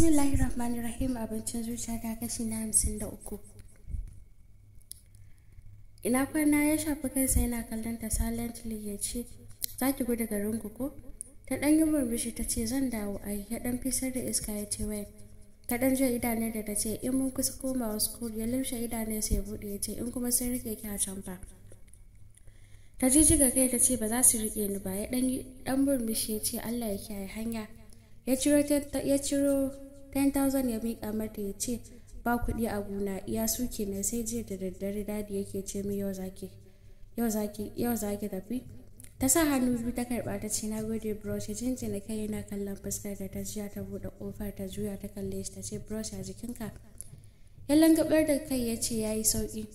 bismillahir rahmanir rahim abincin zuciya ta kashi na hamsin da uku ina kwana ya shafi kansa yana kallon ta silently ya ce za ki gudu garin ku ko ta dan yi burbushi ta ce zan dawo a ya dan fisar da iska ya ce wai ta dan jiya idane da ta ce in mun kusa wasu ya lumshe idane sai ya bude ya ce in kuma sun rike ki a can fa ta jijjiga kai ta ce ba za su rike ni ba ya dan burbushi ya ce Allah ya kiyaye hanya ya ciro 10,000 ya miƙa mata ya ce ba kuɗi a gona ya suke na sai jiya da daddare dadi yake ce min yau zaki yau zaki tafi ta sa hannu biyu ta karɓa ta ce na gode bros ya jinjina kai yana kallon fuskar da ta jiya ta buɗe ƙofar ta juya ta kalle shi ta ce bros ya jikinka ya langabar da kai ya ce ya yi sauƙi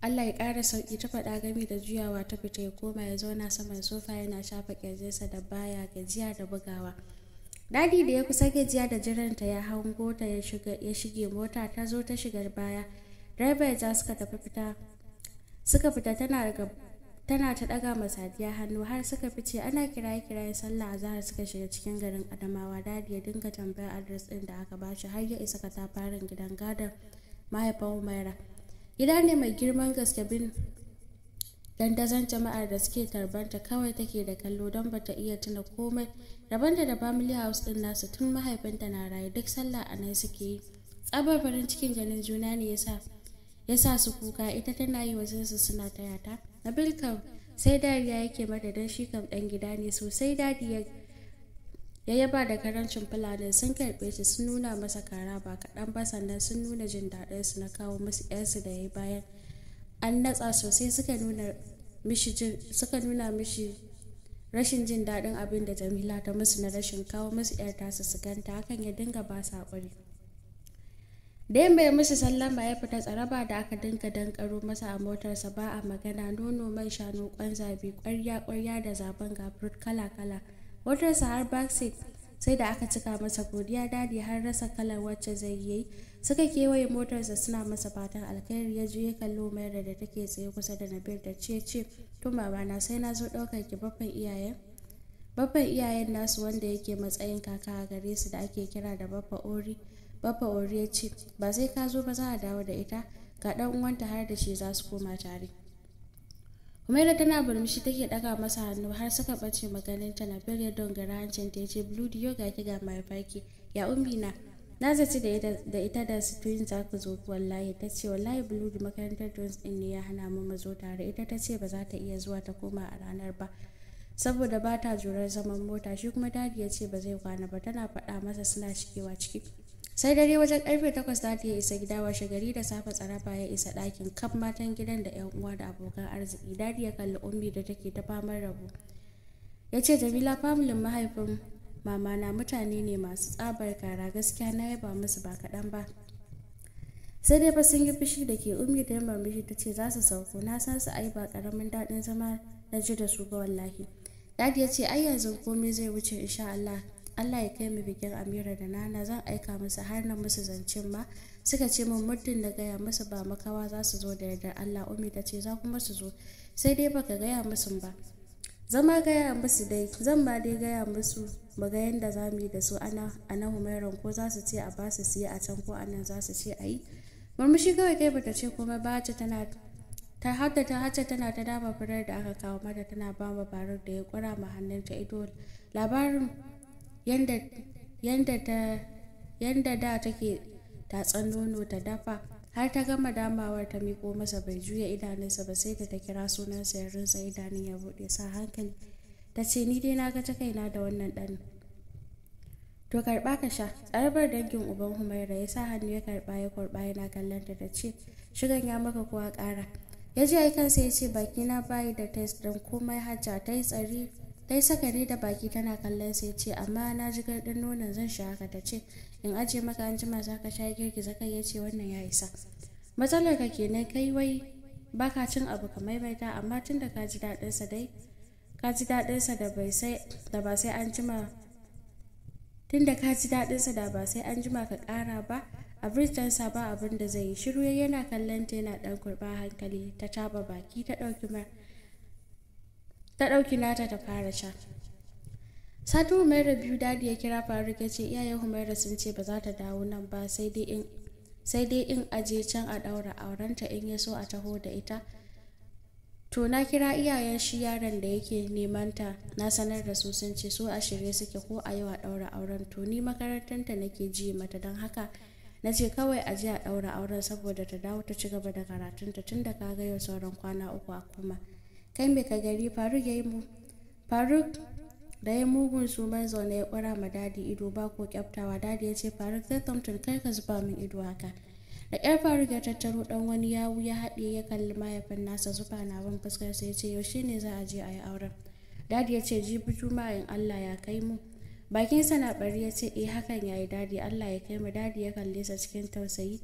Allah ya ƙara sauki ta faɗa gami da juyawa ta fita ya koma ya zauna saman sofa yana shafa ƙirjinsa da baya gajiya da bugawa. Dadi da ya kusa gajiya da jiranta ya hango ta ya shige mota ta zo ta shigar baya. driver ya ja suka tafi fita. Suka fita tana tana ta daga masadiya hannu har suka fice ana kiraye kiraye sallah azhar suka shiga cikin garin Adamawa dadi ya dinga tambayar adres din da aka shi har ya isa farin gidan gadon mahaifin Umaira. Gida ne mai girman gaske bin dandazon jama'ar da suke tarbanta kawai take da kallo don bata iya tuna komai rabanta da family house din nasu tun mahaifinta na raye duk sallah a nan suke yi tsabar farin cikin ganin juna ne yasa ya sa su kuka ita tana yi wasu su suna taya ta nabil kam sai dariya yake mata don shi kam dan gida ne sosai dadi ya yaba da karancin fulanin sun karɓe shi sun nuna masa kara ba kaɗan ba sannan sun nuna jin daɗinsu na kawo musu 'yarsu da ya bayan an natsa sosai suka nuna mishi suka nuna mishi rashin jin daɗin abin da jamila ta musu na rashin kawo musu 'yar tasu su ganta hakan ya dinga ba su haƙuri da yamma ya musu sallama ya fita tsaraba da aka dinga dankaro masa a motarsa ba a magana nono man shanu kwan zabi kwarya kwarya da zaben gafur kala kala motarsa har backseat sai da aka cika masa godiya dadi har rasa kalar wacce zai yi suka kewaye motarsa suna masa fatan alkhairi ya je kallo mayar da take tsaye kusa da nabil da ce ce tun babana sai na zo ɗaukar ki babban iyayen babban iyayen nasu wanda yake matsayin kaka a gare su da ake kira da babba ori babba ori ya ce ba sai ka zo ba za a dawo da ita ga ɗan uwanta har da shi za su koma tare umaira tana burmishi take daga masa hannu har suka bace maganin na birya dongara hancin ta yace blue dio ga ki ga mai faki ya ummi na na zaci da ita da su twin za ku zo wallahi ta ce wallahi blue makarantar twins din ne ya hana mu mu zo tare ita ta ce ba za ta iya zuwa ta koma a ranar ba saboda ba ta jurar zaman mota shi kuma dadi ya ce ba zai kwana ba tana faɗa masa suna shigewa ciki sai dare wajen karfe takwas za ta isa gida washe gari da safe tsaraba ya isa ɗakin kan matan gidan da yan uwa da abokan arziki dadi ya kalli ummi da take ta famar rabo ya ce jamila familin mahaifin mama na mutane ne masu tsabar kara gaskiya na ba musu ba kaɗan ba sai dai fa sun yi fushi da ke ummi da mishi ta ce za su sauko na san su ai ba karamin daɗin zama na ji da su ba wallahi dadi ya ce ai yanzu komai zai wuce insha Allah Allah ya kai mu bikin Amira da Nana zan aika musu har nan musu zancen ma suka ce min muddin da gaya musu ba makawa za su zo da yardar Allah Umi ta ce za kuma su zo sai dai baka gaya musu ba zama gaya musu dai zan ba dai gaya musu ba ga yanda za mu yi da su ana ana humairan ko za su ce a ba su siya a can ko anan za su ce a yi murmushi kawai kai bata ce komai ba ta tana ta hadda ta hace tana ta dama furar da aka kawo mata tana ba mu barar da ya kura ma hannunta ido labarin Yanda da take tatsan nono ta dafa har ta gama damawar ta miko masa bai juya idanunsa ba sai da ta kira sunansa ya rinsa idanun ya buɗe sa hankali ta ce ni dai na ga ta kaina da wannan ɗan to karɓa ka sha tsarabar dangin uban humaira ya sa hannu ya karɓa ya kurɓa yana kallon ta da ce shigan ya maka kowa ƙara ya ji kansa ya ce baki na bayi da test don komai hajja ta yi tsari ta saka ne da baki tana kallon sai ce amma na ji gardin nonon zan sha haka ta ce in ajiye maka an jima za ka sha girgiza ka ce wannan ya isa matsalar ka kenan kai wai baka cin abu ka maimaita amma tun da ka ji daɗinsa dai da ba sai an jima tun da ka ji sa da ba sai an jima ka ƙara ba a birtansa ba abin da zai yi shiru yana kallon ta yana ɗan kurɓa hankali ta taba baki ta ɗauki mara ta ɗauki nata ta fara sha sati humaira biyu dadi ya kira faruk ya ce iyayen humaira sun ce ba za ta dawo nan ba sai dai in sai aje can a ɗaura aurenta in ya so a taho da ita to na kira iyayen shi yaron da yake neman ta na sanar da su sun ce su a shirye suke ko a yau a ɗaura auren to ni makarantanta nake ji mata don haka na ce kawai a ji a ɗaura auren saboda ta dawo ta ci gaba da karatunta tun da kaga yau sauran kwana uku a kuma. kai mai ka gari faruk ya yi mu faruk da ya mugun su zaune ya kura ma dadi ido ba ko kyaftawa dadi ya ce faruk zai tamtar kai ka zuba min ido haka da ƙyar faruk ya tattaro dan wani yawu ya haɗe ya kalli mahaifin nasa zuba na ban fuskar sai ya ce yaushe ne za a je a yi auren dadi ya ce jibi juma'in allah ya kai mu bakin na bari ya ce eh hakan ya yi dadi allah ya kai mu dadi ya kalle sa cikin tausayi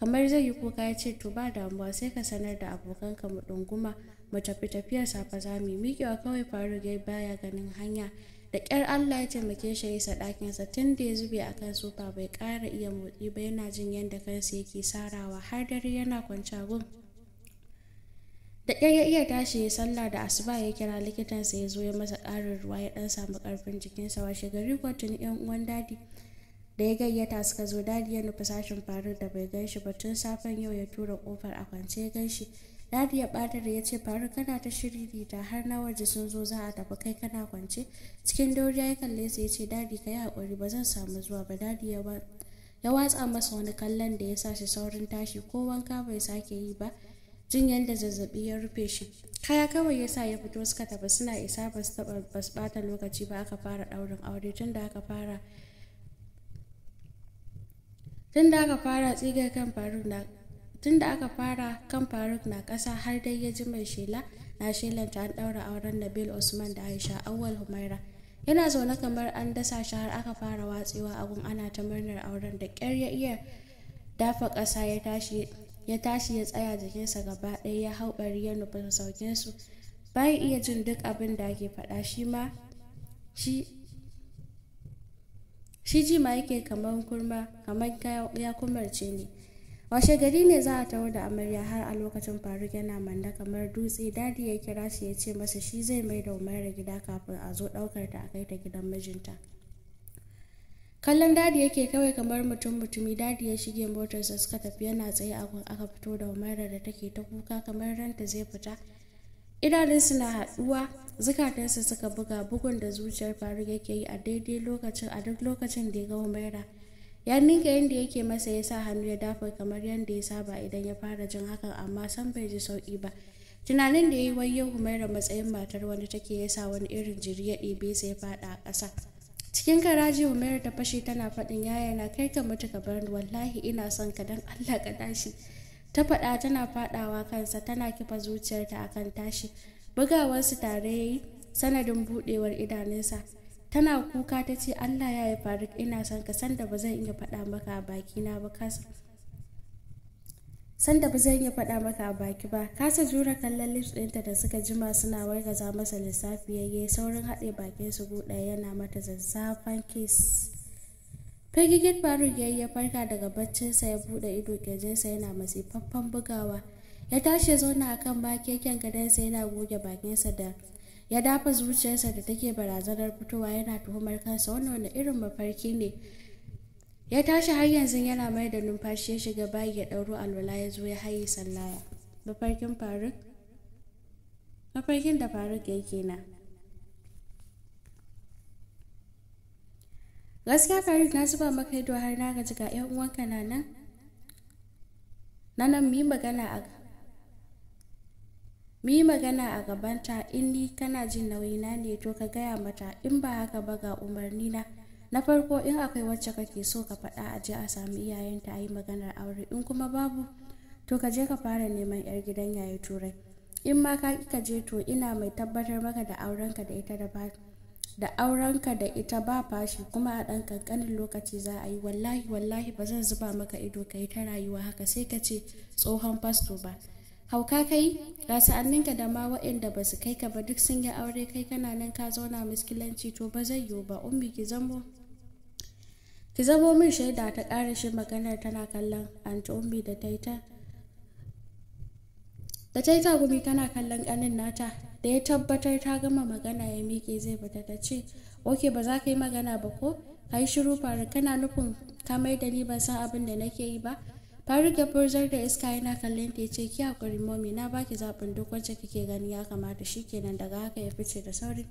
kamar zai yi kuka ya ce to ba damuwa sai ka sanar da abokanka mu ɗunguma mu tafi tafiyar safa za mu yi mikewa kawai faru ya baya ganin hanya da ƙyar allah ya taimake shi ya isa ɗakinsa tun da ya zube a kan sofa bai ƙara iya motsi ba yana jin yadda kansa yake sarawa har dare yana kwanciya gun da ƙyar ya iya tashi ya sallah da asuba ya kira likitansa ya zo ya masa ƙarin ruwa ya ɗan samu ƙarfin jikinsa washe gari kwatin yan uwan dadi da ya gayyata suka zo dadi ya nufi sashen faru da bai gan ba tun safen yau ya tura ƙofar a kwance ya gan shi dadi ya bada ya yace faru kana ta shiri da har na waje sun zo za a tafi kai kana kwance cikin dauriya ya kalle su yace dadi ka yi haƙuri ba zan samu zuwa ba dadi ya ya watsa masa wani kallon da ya sa shi saurin tashi ko wanka bai sake yi ba jin yadda zazzabi ya rufe shi kaya kawai yasa ya fito suka tafi suna isa ba su bata lokaci ba aka fara ɗaurin aure tun da aka fara tun da aka fara tsigar kan faru na. tun da aka fara kan faruk na ƙasa har dai ya ji mai shela na shelanta an ɗaura auren nabil usman da aisha awwal humaira yana zaune kamar an dasa shi har aka fara watsewa a ana ta murnar auren da kyar ya iya dafa ƙasa ya tashi ya tashi ya tsaya jikinsa gaba ɗaya ya hau ɓari ya nufi saukinsu bayan iya jin duk abin da ake faɗa shi ma shi shi ji ma yake kamar kurma kamar ya kumarce ne washe gari ne za a taho da amarya har a lokacin faruk yana manda kamar dutse dadi ya kira shi ya ce masa shi zai mai da umaira gida kafin a zo daukar ta a kai ta gidan mijinta kallon dadi yake kawai kamar mutum mutumi dadi ya shige motarsa suka tafi yana tsaye a aka fito da umaira da take ta kuka kamar ranta zai fita idanunsu na haduwa zukatansa suka buga bugun da zuciyar faruk yake yi a daidai lokacin a duk lokacin da ya ga umaira ya ninka yadda yake masa ya sa hannu ya dafa kamar yadda ya saba idan ya fara jin hakan amma san bai ji sauki ba tunanin da ya yi wai humaira matsayin matar wani take ya sa wani irin jiri ya ɗebe sai ya faɗa a ƙasa cikin karaji humaira ta fashe tana faɗin yaya na kai ka mutu ka bar wallahi ina son ka dan allah ka tashi ta faɗa tana faɗawa kansa tana kifa zuciyarta akan tashi bugawarsu tare ya yi sanadin buɗewar idanunsa tana kuka ta ce allah ya yi faruk ina son ka sanda ba zan iya faɗa maka a baki na ba sanda ba zan iya faɗa maka a baki ba kasa jura kallon lips ɗinta da suka jima suna wargaza masa lissafi yayye saurin haɗe bakin su guda yana mata zazzafan kes. firgigin faruk ya ya farka daga baccinsa ya buɗe ido ƙirjinsa yana masifaffen bugawa ya tashi ya zauna a kan bakeken gadonsa yana goge bakinsa da ya dafa zuciyarsa da take barazanar fitowa yana tuhumar kansa wannan wani irin mafarki ne ya tashi har yanzu yana mai da numfashi ya shiga bayi ya ɗauro alwala ya zo ya haye sallaya mafarkin faruk mafarkin da faruk ya kenan gaskiya faruk na zuba maka ido har na gaji ga yan uwanka na nan nan mu yi magana a mu magana a gabanta in ni kana jin nauyina ne to ka gaya mata in ba haka ba ga umarni na na farko in akwai wacce kake so ka faɗa a je a samu iyayenta a yi maganar aure in kuma babu to ka je ka fara neman yar gidan yayi turai in ma ka ka je to ina mai tabbatar maka da aurenka da ita da ba da aurenka da ita ba fashi kuma a ɗan kankanin lokaci za a yi wallahi wallahi ba zan zuba maka ido ka yi ta rayuwa haka sai ka ce tsohon fasto ba hauka kai ga sa'anninka da ma waɗanda ba su kai ka ba duk sun yi aure kai kana nan ka zauna miskilanci to ba zai yiwu ba ummi ki zamo ki zamo min shaida ta ƙara shi maganar tana kallon anti ummi da ta da ta yi tana kallon ƙanin nata da ya tabbatar ta gama magana ya miƙe zai fita ta ce oke ba za ka yi magana ba ko ka yi shiru faru kana nufin ka mai da ni ban san abin da nake yi ba faruk ya furzar da iska yana kallon ta ce ki hakuri momi na baki zaɓin duk wacce kike gani ya kamata shikenan daga haka ya fice da sauri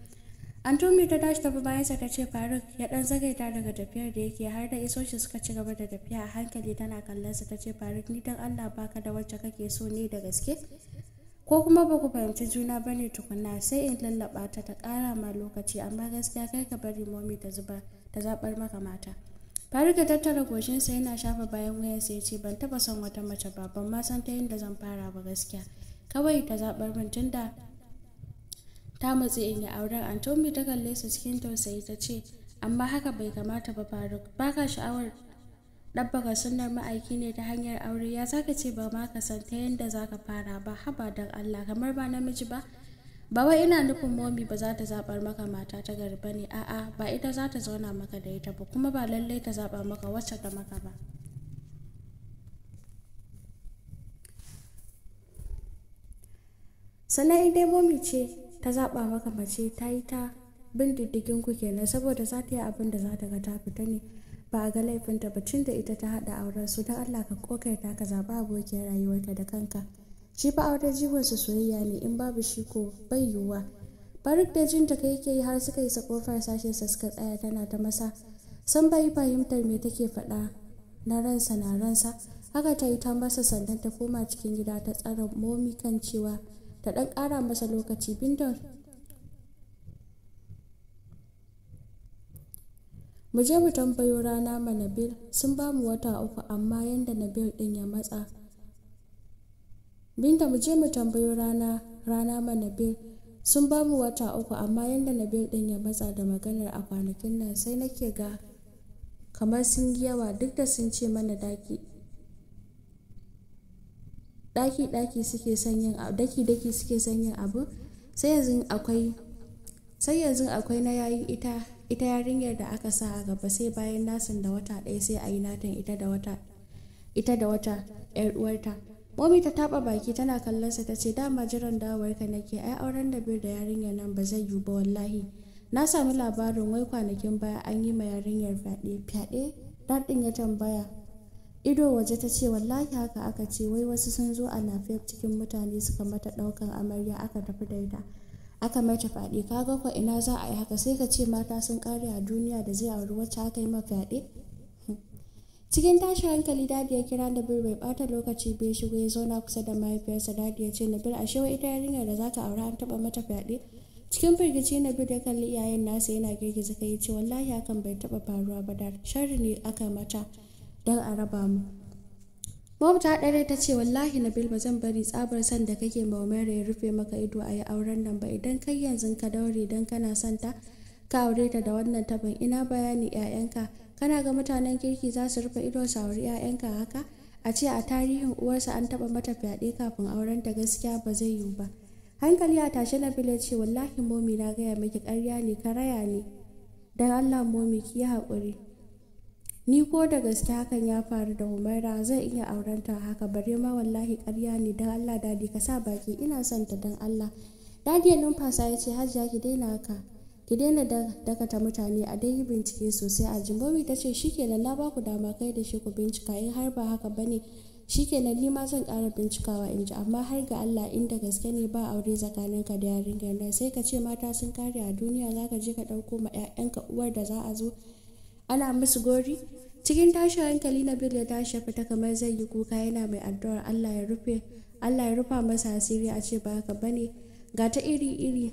an tumi ta tashi tafi bayansa ta ce faruk ya dan zagaita daga tafiyar da yake har da iso shi suka ci gaba da tafiya a hankali tana kallon sa ta ce faruk ni dan allah baka da wacce kake so ne da gaske ko kuma ba ku fahimci juna ba ne tukunna sai in lallaba ta ta kara ma lokaci amma gaskiya kai ka bari momi ta zuba ta zabar maka mata Faruk ya tattara goshinsa yana shafa bayan wayar ya ce ban taba son wata mace ba ban ma san ta yadda zan fara ba gaskiya kawai ta zabar min tunda ta matsi in yi auren Antomi ta kalle sa cikin tausayi ta ce amma haka bai kamata ba Faruk baka sha'awar ɗabbaka sunnar ma'aiki ne ta hanyar aure ya zaka ce ba ma ka san ta yadda zaka fara ba haba don Allah kamar ba namiji ba ba wai ina nufin momi ba za ta zabar maka mata ta gari ba ne a'a ba ita za ta zauna maka da ita ba kuma ba lallai ta zaba maka wacce ta maka ba sannan in dai momi ce ta zaba maka mace ta yi ta bin diddigin ku kenan saboda za ta yi abin da za ta ga ta fita ne ba a ga laifinta ba cin da ita ta haɗa auren su don allah ka kokarta ka zaba abokiyar rayuwarta da kanka shi fa aure jigonsa soyayya ne in babu shi ko bai yiwuwa barik da jin ta kai yake yi har suka isa kofar sashen sa suka tsaya tana ta masa san bai fahimtar me take faɗa na ransa na ransa haka ta yi ta masa sannan ta koma cikin gida ta tsara momi kan cewa ta ɗan ƙara masa lokaci bindon mu je mu tambayo rana ma nabil sun ba mu wata uku amma yanda nabil ɗin ya matsa binta mu je mu tambayi rana rana ma nabil sun ba mu wata uku amma yadda nabil din ya matsa da maganar a kwanakin nan sai nake ga kamar sun yi yawa duk da sun ce mana daki daki daki suke sanyin daki daki suke sanyin abu sai yanzu akwai sai yanzu akwai na yayi ita ita yarinyar da aka sa a gaba sai bayan nasin da wata ɗaya sai a yi natan ita da wata ita da wata 'yar uwarta Momi ta taba baki tana kallonsa ta ce dama jiran dawowarka nake ai auren da bir da yarinyar nan ba zai yiwu ba wallahi. Na sami labarin wai kwanakin baya an yi ma yarinyar fyaɗe fyaɗe daɗin ya tambaya. Ido waje ta ce wallahi haka aka ce wai wasu sun zo a lafiya cikin mutane suka mata ɗaukan amarya aka tafi da ita. Aka mata fyaɗe kaga ko ina za a yi haka sai ka ce mata sun kare a duniya da zai auri wacce aka yi ma fyaɗe. cikin tashi hankali dadi ya kira nabil bai bata lokaci bai shigo ya zauna kusa da mahaifiyarsa dadi ya ce nabil a shewa ita yarinyar da zaka aura an taba mata fyaɗe cikin firgici nabil ya kalli iyayen nasa yana girgiza kai ce wallahi hakan bai taba faruwa ba da sharri ne aka mata don a raba mu Mom ta dare ta ce wallahi Nabil ba zan bari tsabar san da kake ma Umaira ya rufe maka ido a yi auren nan ba idan kai yanzu ka daure dan kana son ka aure ta da wannan tabin ina bayani 'ya'yanka kana ga mutanen kirki za su rufe ido sauri 'ya'yanka haka a ce a tarihin uwarsa an taba mata fyaɗe kafin auren ta gaskiya ba zai yiwu ba hankali a tashe na bile ce wallahi momi na gaya miki karya ne karaya ne don allah momi ki yi haƙuri ni ko da gaske hakan ya faru da humaira zai iya aurenta haka bare ma wallahi karya ne don allah dadi ka sa baki ina son ta don allah dadi ya numfasa ya ce ya ki daina haka ki daina dakata mutane a dai yi bincike sosai a jimbobi ta ce shikenan na ku dama kai da shi ku bincika in eh, har ba haka bane shikenan ni ma zan kara bincikawa in ji amma har ga Allah inda gaske ne ba aure tsakanin ka da yarinyar nan sai ka ce mata sun kare a duniya za ka je ka ɗauko ma 'ya'yanka uwar da za a zo ana musu gori cikin tashin hankali na bil ya tashi fita kamar zai yi kuka yana mai addu'ar Allah ya rufe Allah ya rufa masa asiri a ce ba haka bane ga ta iri iri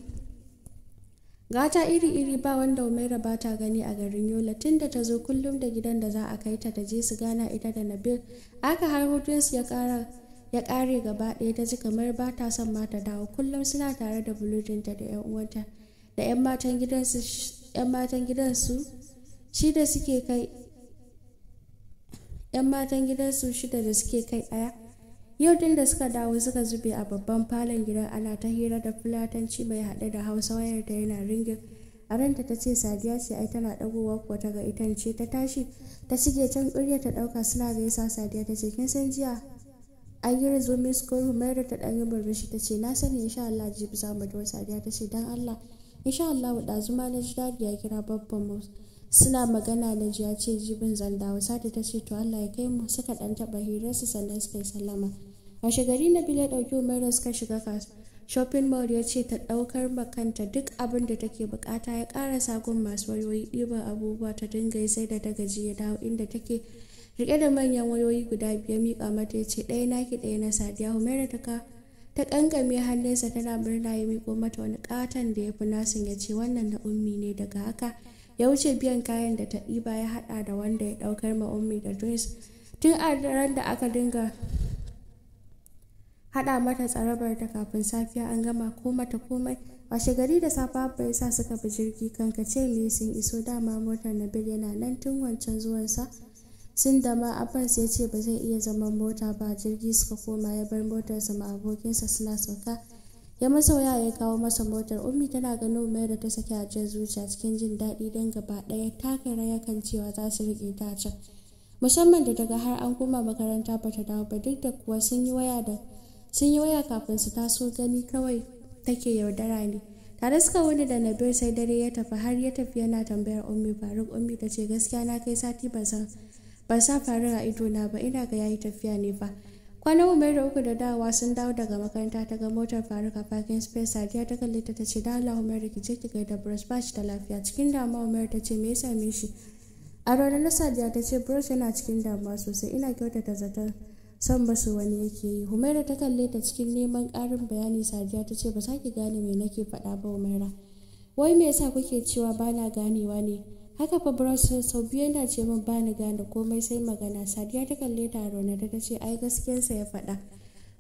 gata iri-iri ba wanda umaira ba ta gani a garin yola tun da ta zo kullum da gidan da za a kai ta da je su gana ita da nabil aka har hutunsu ya ya kare gaba ɗaya ta ji kamar ba ta son ma ta dawo kullum suna tare da buludinta da 'yan uwanta da 'yan matan gidansu 'yan shi shida da suke kai ɗaya yau din da suka dawo suka zube a babban falon gidan ana ta hira da fulatanci mai haɗe da hausa wayar ta yana ringin a ranta ta ce sadiya ce ai tana ɗagowa kuwa ta ga itan ce ta tashi ta shige can ƙurya ta ɗauka suna gaisa sadiya ta ce kin san jiya an yi rizumi mai da ta ɗan yi murmushi ta ce na sani insha Allah jibi za mu dawo sadiya ta ce dan Allah insha Allah ɗazu ma na ji dadi ya kira babban mu suna magana na ji ce jibin zan dawo sadi ta ce to Allah ya kai mu suka ɗan taɓa hirarsu sannan suka yi sallama. washe gari na bile dauki umaru suka shiga shopping mall ya ce ta ɗaukar makanta duk abin da take bukata ya kara sagun masu wayoyi ɗiban abubuwa ta dinga sai da ta gaji ya dawo inda take rike da manyan wayoyi guda biyar mika mata ya ce ɗaya naki ɗaya na sadiya umaru ta ka ta kankame hannunsa tana murna ya miko mata wani katon da ya fi nasin ya ce wannan na ummi ne daga haka ya wuce biyan kayan da ta ɗiba ya haɗa da wanda ya ɗaukar ma ummi da joyce tun a ran da aka dinga haɗa mata tsarabar ta kafin safiya an gama ko mata komai washe gari da safa abba ya sa suka bi jirgi kankace me sun iso dama motar nabil yana nan tun wancan zuwansa sun da ma abbas ya ce ba zai iya zaman mota ba jirgi suka koma ya bar motarsa ma abokinsa suna sauka ya masauya ya kawo masa motar ummi tana ganin umar da ta saki a jan zuciya cikin jin daɗi don gaba ɗaya takara yakan cewa za su riƙe ta can musamman da daga har an koma makaranta ba ta dawo ba duk da kuwa sun yi waya da sun yi waya kafin su taso gani kawai take yaudara ne tare suka wani da na bir sai dare ya tafi har ya tafi yana tambayar ummi faruk ummi ta ce gaskiya na kai sati ban sa faruk a ido na ba ina ga yayi tafiya ne ba kwanan umar da uku da dawa sun dawo daga makaranta ta ga motar faruk a parking space sadiya ta kalli ta ce da allah umar da ki je ki da bros ba shi da lafiya cikin damuwa umar ta ce me ya same shi a ranar sadiya ta ce bros yana cikin damuwa sosai ina kyautata zaton son basu wani yake yi humaira ta kalle ta cikin neman ƙarin bayani sadiya ta ce ba sake gane me nake faɗa ba humaira wai me yasa kuke cewa bana ganewa ne haka fa bros sau biyu yana ce min bani gane komai sai magana sadiya ta kalle ta rona ta ce ai gaskiyarsa ya faɗa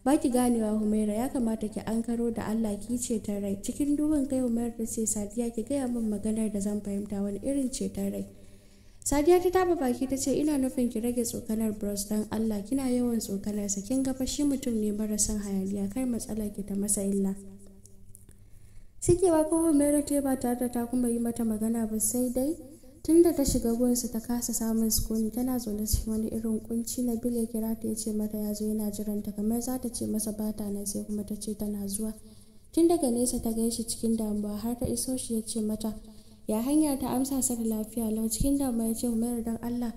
ba ki ganewa humaira ya kamata ki an karo da allah ki ce ta rai cikin duhun kai humaira ta ce sadiya ki gaya min maganar da zan fahimta wani irin ce ta rai Sadiya ta taba baki ta ce ina nufin ki rage tsokanar Bros don Allah kina yawan tsokanar sa kin ga shi mutum ne mara son hayaniya kar matsala ki ta masa illa. Sikewa kuma Mary ta ba tare da ta kuma yi mata magana ba sai dai tunda ta shiga gunsa ta kasa samun sukuni tana zaune cikin wani irin kunci na bile kira ta ce mata ya zo yana jiranta kamar za ta ce masa bata na sai kuma ta ce tana zuwa. tun daga nesa ta gan shi cikin damuwa har ta iso shi ya ce mata ya hanya ta amsa sa lafiya lau cikin damuwa ya ce umaru don allah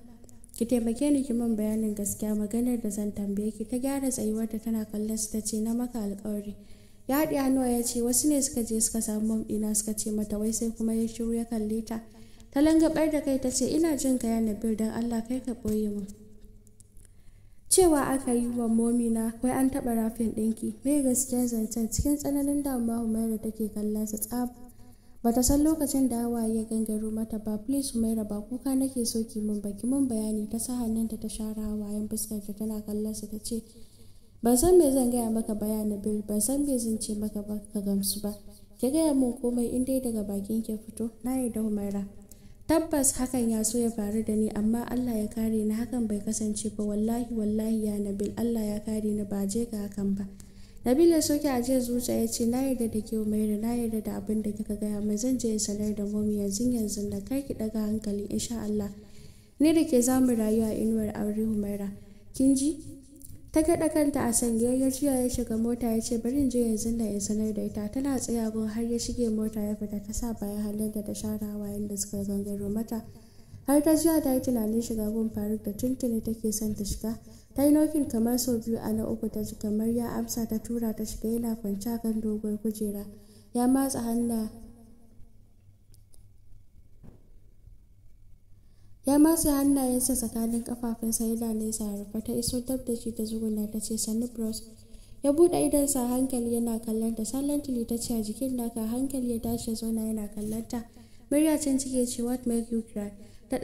ki taimake ni ki min bayanin gaskiya maganar da zan tambaye ki ta gyara tsayuwar tsayuwarta tana kallon su ta ce na maka alkawari ya haɗe hannuwa ya ce wasu ne suka je suka samu mom ɗina suka ce mata wai sai kuma ya shiru ya kalle ta ta langabar da kai ta ce ina jin ka yana bir don allah kai ka ɓoye mu cewa aka yi wa momina wai an taɓa rafin ɗinki mai gaskiyar zancen cikin tsananin damuwa humaira take kallon sa tsab bata san lokacin da hawaye ya gangaro mata ba please humaira ba kuka nake so ki mun ba ki mun bayani ta sa hannunta ta share hawayen fuskar ta tana kallon su ta ce ban san me zan gaya maka bayani bil ban san me zan ce maka ba ka gamsu ba ki gaya min komai in dai daga bakin ki fito na da humaira tabbas hakan ya so ya faru da ni amma Allah ya kare ni hakan bai kasance ba wallahi wallahi ya nabil Allah ya kare ni ba je ga hakan ba Nabila soke a jiya zuciya ya ce na yarda da ke Umairu na yarda da abin da kika gaya mai zan je sanar da momi yanzu yanzu da kai ki daga hankali insha Allah. ne da ke za rayu rayuwa inuwar aure humaira Kin ji? ta gaɗa kanta a sange ya jiya ya shiga mota ya ce bari je yanzu da in sanar da ita tana tsaya gun har ya shige mota ya fita ta sa bayan halin da ta share da suka gangaro mata har ta jiya ta yi tunanin shiga gun faruk da tuntuni take son ta shiga ta yi nufin kamar sau biyu a na uku ta ji kamar ya amsa ta tura ta shiga yana kwanci a kan dogon kujera ya matsa hannu ya matsa hannayensa tsakanin kafafunsa yana nesa ya rufe ta iso dab da shi ta zuguna ta ce sani bros ya buɗe idon sa hankali yana kallon ta silently ta ce a jikin naka hankali ya tashi ya zauna yana kallon ta murya can cike ce what make you cry ta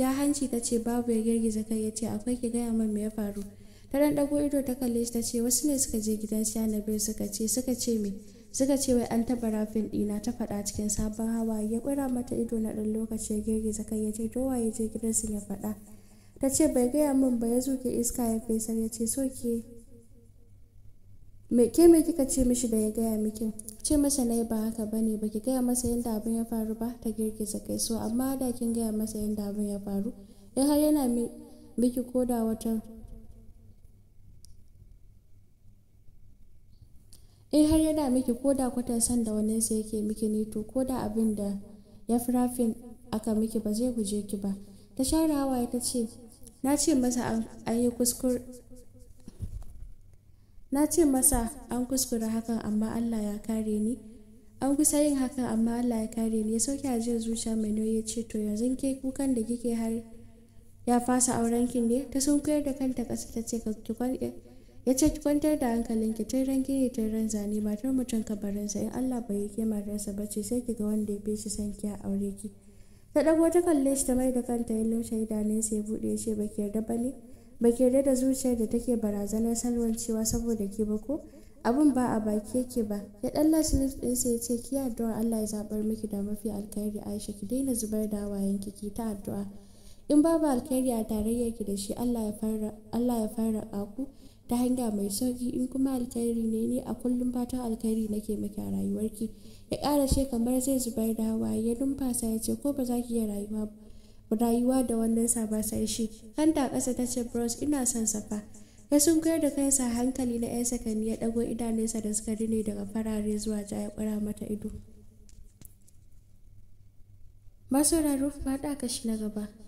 ja hanci ta ce babu ya girgiza kai ya ce akwai ki gaya min me ya faru ta dan dago ido ta kalle shi ta ce wasu ne suka je gidan shi annabi suka ce suka ce me suka ce wai an taba rafin ɗina ta faɗa cikin sabon hawa ya ƙura mata ido na ɗan lokaci ya girgiza kai ya ce dowa ya je gidan gidansu ya faɗa ta ce bai gaya min ba ya zuke iska ya fesar ya ce so ke me ke me kika ce mishi da ya gaya miki ce masa nayi ba haka bane ba ki gaya masa yadda abin ya faru ba ta girgiza kai so amma da kin gaya masa yadda abin ya faru in har yana miki koda wata in har yana miki koda kwata san da wani sai yake miki ne to koda abin da ya firafin aka miki ba zai guje ki ba ta share hawaye ta ce na ce masa an yi kuskure na ce masa an kuskura hakan amma allah ya kare ni an kusa yin hakan amma allah ya kare ni ya sauke ajiyar zuciya mai nauyi ya ce to yanzu ke kukan da kike har ya fasa auren kin ne ta sun koyar da kanta ƙasa ta ce ya ce ki kwantar da hankalinki tun ran gini tun ran zane matar mutum kabarinsa in allah bai yake mararsa ba ce sai ki ga wanda ya fi shi son ki a aure ki ta dago ta kalle shi ta mai da kanta ya lushe idanunsa ya buɗe ya ce ba ke yarda ba ne baki yarda da zuciyar da take barazanar cewa saboda ki ba ko abin ba a baki yake ba ya dan lashe lips ɗinsa ya ce ki addu'ar Allah ya zabar miki da mafi alkhairi Aisha ki daina zubar da hawayenki ki ta addu'a in babu alkhairi a tarayyar ki da shi Allah ya fara Allah ku ta hanya mai sauki in kuma alkhairi ne ni a kullum fatan alkhairi nake miki a rayuwarki ya ƙara ce kamar zai zubar da hawaye ya numfasa ya ce ko ba za ki iya rayuwa ba rayuwa da wannan sabasar shi hanta ƙasa ta ce bros ina son safa ya sunkuyar da kansa hankali na 'yan sakanni ya ɗago idanunsa da suka rine daga farare zuwa ja ya ƙura mata ido masauraro faɗa kashi na gaba